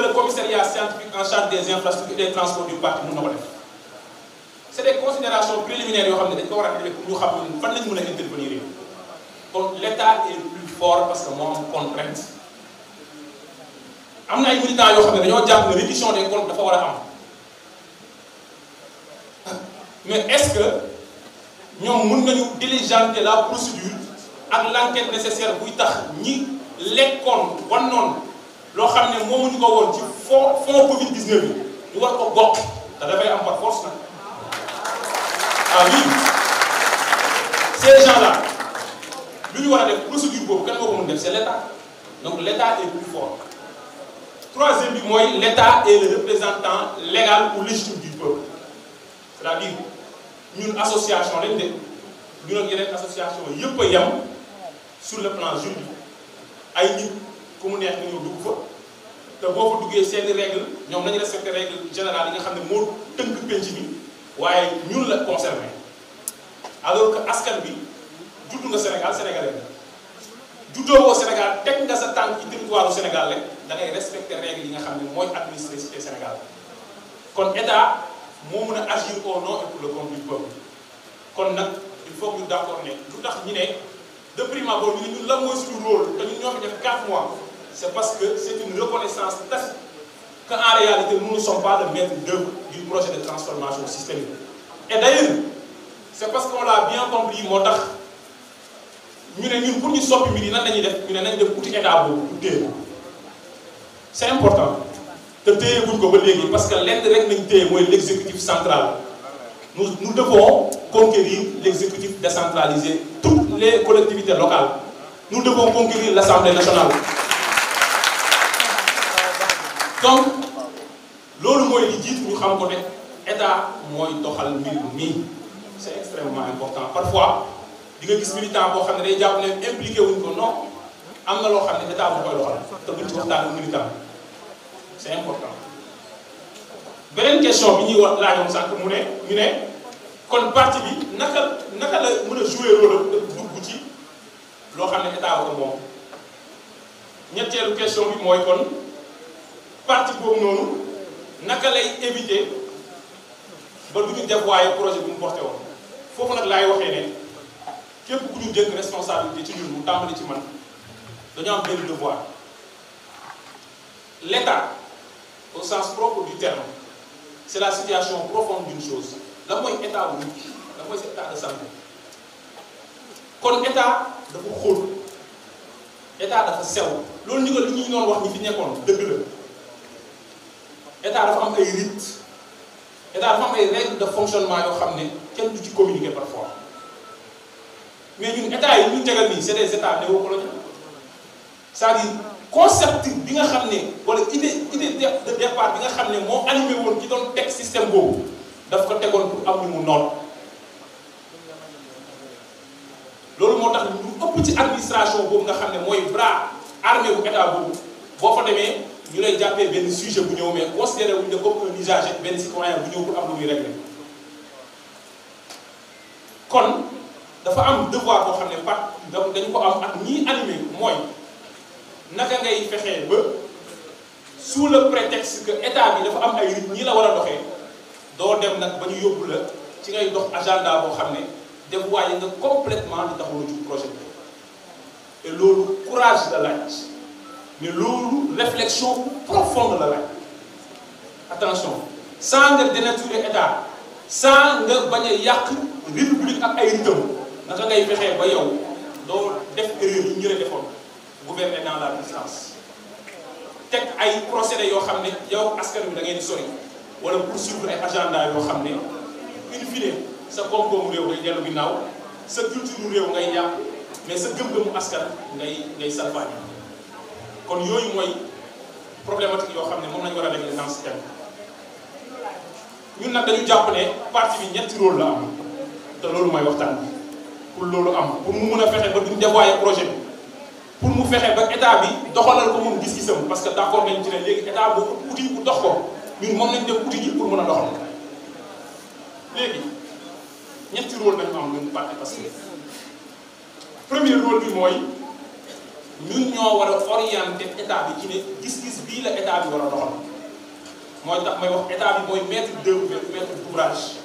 que le commissariat scientifique en charge des infrastructures et des transports du parti mun na ko def c' est des considérations yoo xam ne dañ ko war a def pour ñu xam ne fan lañ mën a intervenir kon l' état est plus fort parce que moo am contrainte am na ay militants yoo xam ne dañoo jàpp ne reddition des comptes dafa war a am mais est ce que ñoom mun nañu diligenter la procédure ak l' enquête nécessaire buy tax ñi lekkoon wan noonu loo xam ne moomuñu ko woon ci fond fond Covid 19 bi ñu war ko bokk te dafay am par force nag ah lu ñu war a procédure boobu kan moo ko mën def c' est donc l' état est fort troisième bi mooy l' état est le représentant légal ou légitime du peuple c' à dire ñun association lañ de ñun ak yeneen association yëpp a yem sur le plan juridique ay nit. ku mu neex ñu dugg fa te boo fa duggee seeni règle ñoom nañu respecté règle générale yi nga xam ne moo tënk penc waaye ñun la concerné alors que askan bi juddu nga Sénégal sénégalais la juddoo woo Sénégal teg nga sa tànk ci territoire du Sénégal rek da yi nga xam ne mooy administré cité Sénégal kon état moo mun a agir au nom et pour le compte kon nag il faut que ñu d'accord ne lu tax ñu ne de prime abord ñu ne ñun lan mooy suñu rôle te ñun ñoo fi def 4 mois. c'est parce que c'est une reconnaissance tacite qu'en réalité nous ne sommes pas le maître d'œuvre du projet de transformation systémique. Et d'ailleurs c'est parce que l'a bien compris moo tax ñu ne ñun pour ñu soppi mbir yi nan def ñu ne nañ def outil état boobu pour téye ko c'est important te téye buñ ko ba léegi parce que lenn rek nañ téye mooy l'exécutif central nous nous devons conquérir l'exécutif décentralisé toutes les collectivités locales nous devons conquérir l'Assemblée nationale. donc loolu mooy li jiitu ñu xam ko ne état mooy doxal mbir mi c'est extrêmement important parfois di nga gis militant boo xam ne day jàpp ne impliqué wuñ ko non am na loo xam ne état bu koy doxal te buñ ci waxtaan question bi ñuy wax laajoon sànq mu ne ne kon parti bi naka naka loo xam ne état ko moom ñetteelu question bi mooy kon parti boobu noonu naka lay éviter ba du ñu def waaye projet bu mu porté woon foofu nag laay waxee ne képp ku ñu dénk responsabilité ci ñun mu tàmbali ci man dañoo am benn devoir l'État au sens propre du terme c'est la situation profonde d'une chose la mooy état bu nit la mooy état de santé kon état dafa xóol état dafa sew loolu ñu ko li ñuy noonu wax ñi fi nekkoon dëgg la état dafa am ay rite état dafa am ay règles de fonctionnement yoo xam ne kenn du ci communiquer parfois mais ñun état yi ñu tegal nii c'est des états néocoloniaux c'est-à-dire concept bi nga xam ne wala idée idée de départ bi nga xam ne moo animé woon ci doon teg système boobu daf ko tegoon pour am ñu mu noonu loolu moo tax lu ëpp ci administration boobu nga xam ne mooy bras armé bu boobu boo fa demee. ñu lay jàppee benn sujet bu ñëw mais considéré wuñ ne comme un usager benn citoyen bu ñëw pour am lu muy régler kon dafa am devoir boo xam ne pat dañu ko am ak ñii animé mooy naka ngay fexee ba sous le prétexte que état bi dafa am ay rythme ñii la war a doxee doo dem nag ba ñu yóbbu la ci ngay dox agenda boo xam ne dévoyé nga complètement di taxawu ci projet bi te loolu courage la laaj. ne loolu réflexion bu profonde la rek attention sans nga dénaturer état sans nga bañ a yàq république ak ay ritam naka ngay fexee ba yow doo def erreur yi ñu la defoon gouverner dans la puissance teg ay procédés yoo xam ne yow askan bi da ngay di sori wala poursuivre ay agenda yoo xam ne in sa koom-koomu réew ngay dellu ginnaaw sa culture réew ngay yàq mais sa gëm-gëmu askan ngay ngay salfaañi kon yooyu mooy problématique yoo xam ne moom lañu war a régler dans système ñun nag dañu jàpp ne parti bi ñetti rôle la am te loolu mooy waxtaan bi pour loolu am pour mu mun a fexe ba duñ dévoyer projet bi pour mu fexe ba état bi doxalal ko moom gis-gisam parce que d' accord nañu ci ne léegi état bu outil bu dox ko ñun moom lañ def outil yi pour mën a doxal léegi ñetti rôle nañu am ñun parti parce que premier rôle bi mooy. ñun ñoo war a orienté état bi ci ne gis-gis bii la état bi war a doxal mooy tax may wax état bi mooy maître d'œuvre maître d'ouvrage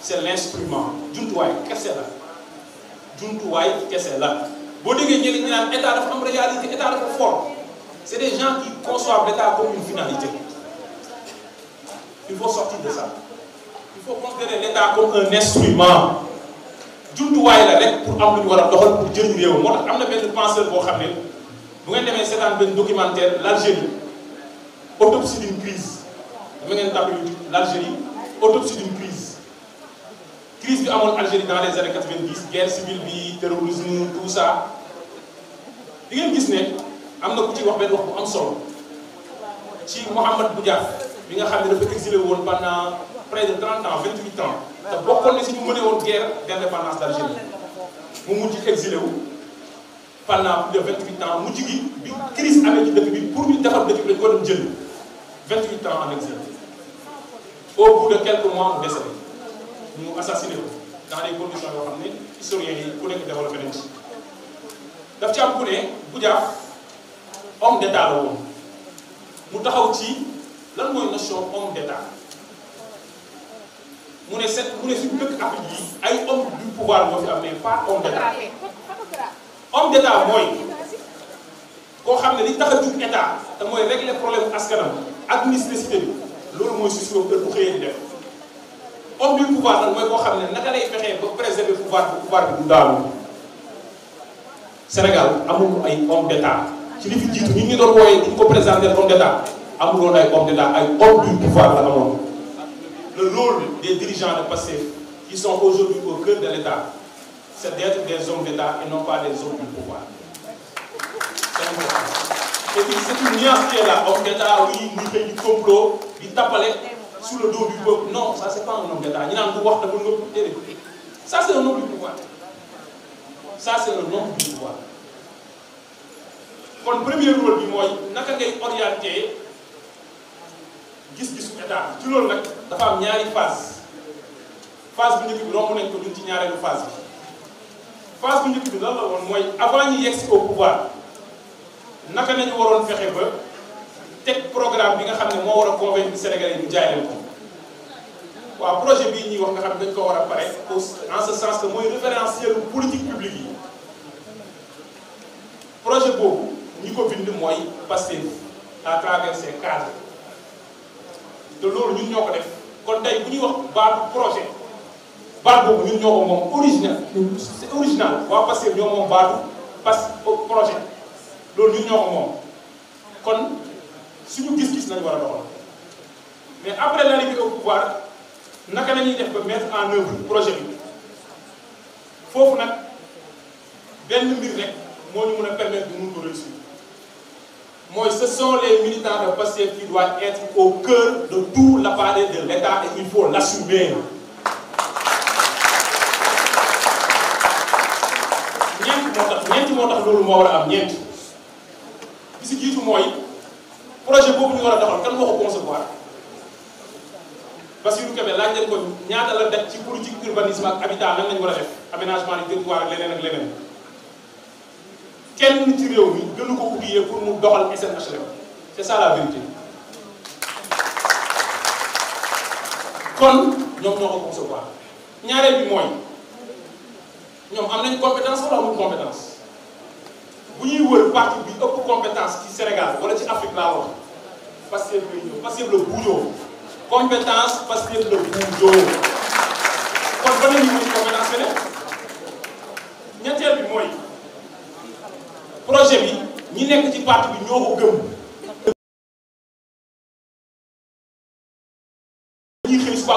c'est l'instrument jumtuwaay kese la jumtuwaay kese la boo déggee ñeneen ñi naan état dafa am réalité état dafa fort c'est des gens qui conçoivent l'état comme une finalité il faut sortir de ça il faut considérer l'état comme un instrument jumtuwaay la rek pour am lu ñu war a doxal pour jëriñ réew moo tax am na benn penseur boo xam ne bu ngeen demee seetaan benn documentaire l'Algérie autopsie d'une crise dama ngeen tàmbali l'Algérie autopsie d'une crise crise bi amoon Algérie dans les années 90 guerre civile bi terrorisme tout ça li ngeen gis ne am na ku ci wax benn wax bu am solo ci Mohamed Boudiaf bi nga xam ne dafa exilé woon pendant près de 30 ans 28 ans te bokkoon na si ñu mënee woon guerre d'indépendance d'Algérie mu mujj exilé wu pendant plus de vingt huit ans mujj gi bi crise amee ci dëkk bi pour ñu defar dëkk bi dañu ko dem jënd vingt huit ans en exil au bout de quelques mois mu décédé ñu assassiné ko dans des yoo xam ne historiens yi ku nekk développé nañ ci daf ci am ku ne Goudiaf homme d'état la woon mu taxaw ci lan mooy notion homme d'état mu ne set mu ne suñu dëkk Afrique yi ay homme du pouvoir moo fi am mais pas homme d'état homme d'état mooy koo xam ne li tax a jug état te mooy régler problème askanam administrer cité bi loolu mooy si suba bu xëyee def homme du pouvoir nag mooy koo xam ne naka lay fexee ba préserver pouvoir bi pouvoir bi du daalu Sénégal amul ay homme d'état ci li fi jiitu ñu ngi doon wooyee duñ ko présenté homme d'état amul woon ay homme d'état ay homme du pouvoir la amoon le rôle des dirigeants de PASTEF qui sont aujourd'hui au de l'État, c'est des hommes d'État et non pas des hommes du pouvoir. C'est important. Et puis c'est une nuance qui est là, homme d'État, oui, ñu koy du complot di tapale sous le dos du peuple non ça c'est pas un homme d'État ñu naan ko wax dafa nëbb déedéet ça c'est un homme du pouvoir c'est un homme du pouvoir kon premier rôle bi mooy naka ngay orienter gis-gisu état ci dafa am ñaari phase phase bu njëkk bi romb nañ ko ci ñaareelu phase bi phase bu njëkk bi mooy avant ñu yegg si au pouvoir naka nañu waroon fexe ba teg programme bi nga xam moo war a convaincre Sénégalais yi ñu ko waaw projet bii ñuy wax nga dañ ko war a pare pour en ce sens que mooy projet boobu ñi ko bind mooy Pastef à travers ses te loolu ñun ñoo ko def kon tey bu ñuy wax baatu projet baat boobu ñun ñoo ko moom original c'est original waa Pastef ñoo moom baatu parce projet loolu ñun ñoo ko moom kon suñu gis-gis lañu war a doxal mais après l'arrivée au pouvoir naka la ñuy def ba mettre en œuvre projet bi foofu nag benn mbir rek moo ñu mun a permettre ñu mun ko réussir mooy ce sont les militants de PASTEF qui doivent être au cœur de tout l'appareil de l'État et il faut l'assumer. ñeent moo tax ñeent moo tax loolu moo war a am ñeent bi si mooy projet boobu ñu war a doxal kan moo ko concevoir Bassirou Kébé laaj leen ko ñaata la def ci politique urbanisme ak habitat nan war a def aménagement du territoire ak leneen ak leneen. kenn ci réew mi gënu ko oublier pour mu doxal SNHLM c'est ça la vérité kon ñoom ñoo ko concevoir ñaareel bi mooy ñoom am nañ compétence wala amul compétence bu ñuy wër parti bi ëpp compétence ci Sénégal wala ci Afrique laa wax Pastef lay ñëw Pastef la buujoo compétence Pastef la buujoo kon ba nañu compétence feneen ñi nekk ci parti bi ñoo ko gëm. ñuy xëy suba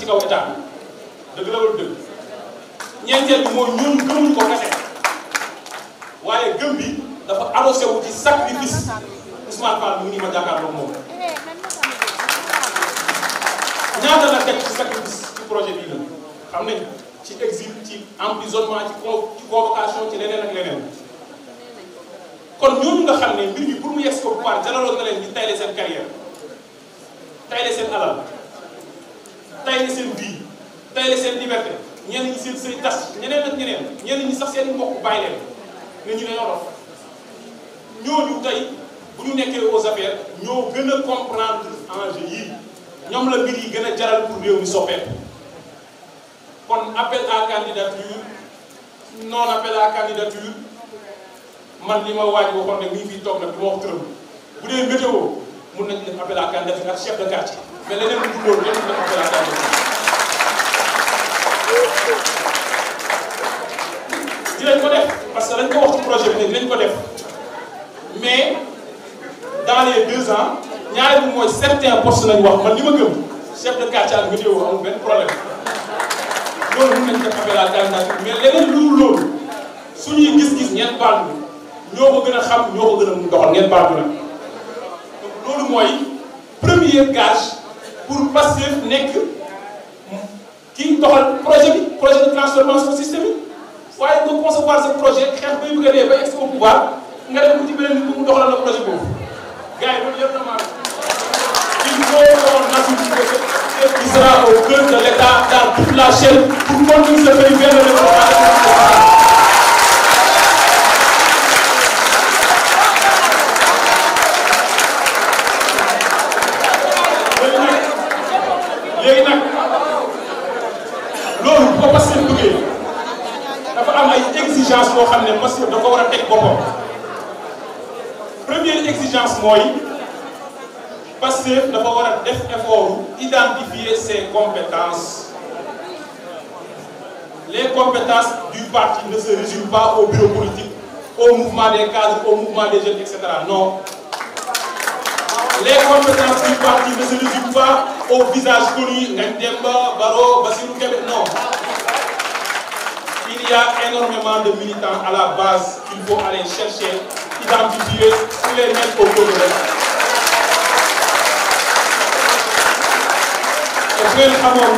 ci kaw état bi dëgg la wala dëgg ñeenteel bi mooy ñun gëmuñu ko kese waaye gëm bi dafa adossé wu ci sacrifice Ousmane Fall mu ngi ma jàkkaarloo moom. ñaata la teg ci sacrifice ci projet bi la xam nañ ci exil ci emprisonnement ci con ci convocation ci leneen ak leneen. kon ñooñu nga xam ne mbir mi pour mu yegg ko pouvoir jaraloon na leen ñu tayle seen carrière tayle seen alal tayle seen vie tayle seen liberté ñenn ñi seen say tas ñeneen ak ñeneen ñenn ñi sax seen mbokk bàyyi leen ñu ne dof ñooñu tey bu ñu nekkee aux affaires ñoo gën a comprendre enjeu yii ñoom la mbir yi gën a jaral pour réew mi soppeeku kon appel à candidature non appel à candidature man li ma waaj waxoon ne mi ngi fiy toog nag du mu wax turam bu dee météo mun nañu def appel à candidature ak chef de quartier mais leneen lu dul loolu kenn du def appel à ko def parce que lañ ko wax projet bi ne dinañ ko def mais dans les ñaari bi mooy certains postes lañ wax de quartier ak météo amul benn mais leneen lu dul loolu suñuy gis-gis ñeent baal ñoo ko gën a xam ñoo ko gën a mu doxal ngeen baatu nag loolu mooy premier gage pour Pastef nekk kii doxal projet bi projet de transformation systémique waaye nga concevoir ce projet xeex bay bëgg a dee ba expo pouvoir nga dem ko ci beneen nit bu mu la projet boobu gars yi loolu yëpp na maa il faut qu'on assume que qui sera au cœur de l'État dans toute la chaîne pour continuer ce pays léegi nag loolu bu ko Pastef duggee dafa am ay exigence boo xam ne Pastef dafa war a teg boppam première exigence mooy Pastef dafa war a def effort identifier ses compétences les compétences du parti ne se résument pas au bureau politique au mouvement des cadres au mouvement des jeunes et les compétences du parti ne se résument pas au visage connu Ngagne Demba Baro Bassirou Kébé non il y énormément de militants à la base qu'il faut aller chercher identifier pour les mettre au bout de et bu ngeen xamoon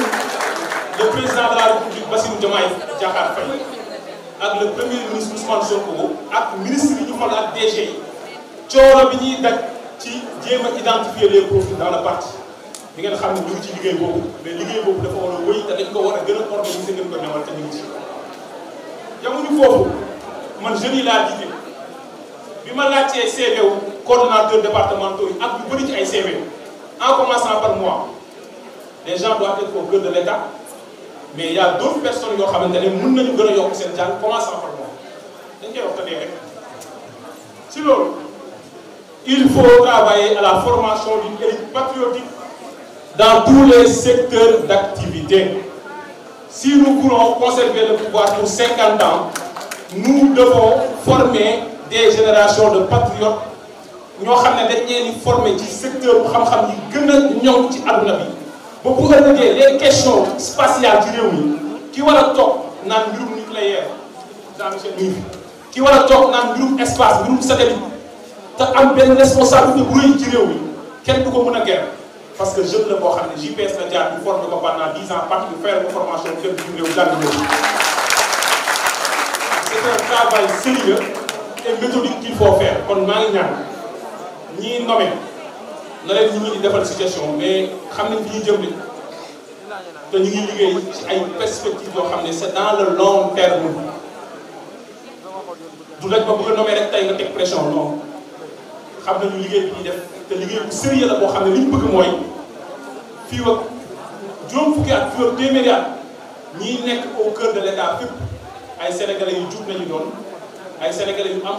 le président de la république Bassirou Diomaye Diakhar Faye ak le premier ministre Ousmane Sonko ak ministre yi ñu xool yi coono bi ñuy ci jéem a identifier les profils dans le parti di ngeen xam ne ñu ngi ci liggéey boobu mais liggéey boobu dafa war a wéy te dañ ko war a gën a organiser ngeen ko newal te ñu ngi ci foofu man laa bi ma laajtee CV wu coordonnateur départementaux yi bëri ci ay CV en commençant par moi les gens doivent de l'État mais il y a d'autres personnes yoo xamante ne mën nañu gën a yokk seen jàng commençant par moi dañ koy waxtaanee rek si loolu il faut travailler à la formation d'une élite patriotique dans tous les secteurs d'activité. Si nous voulons conserver le pouvoir pour 50 ans, nous devons former des générations de patriotes ñoo xam ne dañ leen di former ci secteur bu xam-xam yi gën a ñoŋ ci àdduna bi ba bu ëllëgee les questions spatiales ci réew mi ki war a toog naan mbirum nucléaire ki war a naan mbirum espace mbirum satellite te am benn responsabilité bu rëy ci réew mi kenn du ko mën a parce que jeune la boo xam ne JPS la jaar ñu formé ko pendant dix ans parti bi faire une formation kenn du réew jàng loolu. c'est un travail sérieux et méthodique qu'il faut faire kon maa ngi ñaan ñii nommé na leen ñu ngi situation mais xam nañ fi ñu jëm te ñu ngi liggéey ci ay perspectives yoo xam ne c'est dans le long terme du rek ba bëgg a nommé rek tey teg pression non. xam nañu liggéey bi ñuy def te liggéey bu sérieux la boo xam ne li ñu bëgg mooy fii ak juróom fukki at fii ak téeméeri at ñiy nekk au cœur de l' état ay sénégalais yu jub nañu doon ay sénégalais yu am.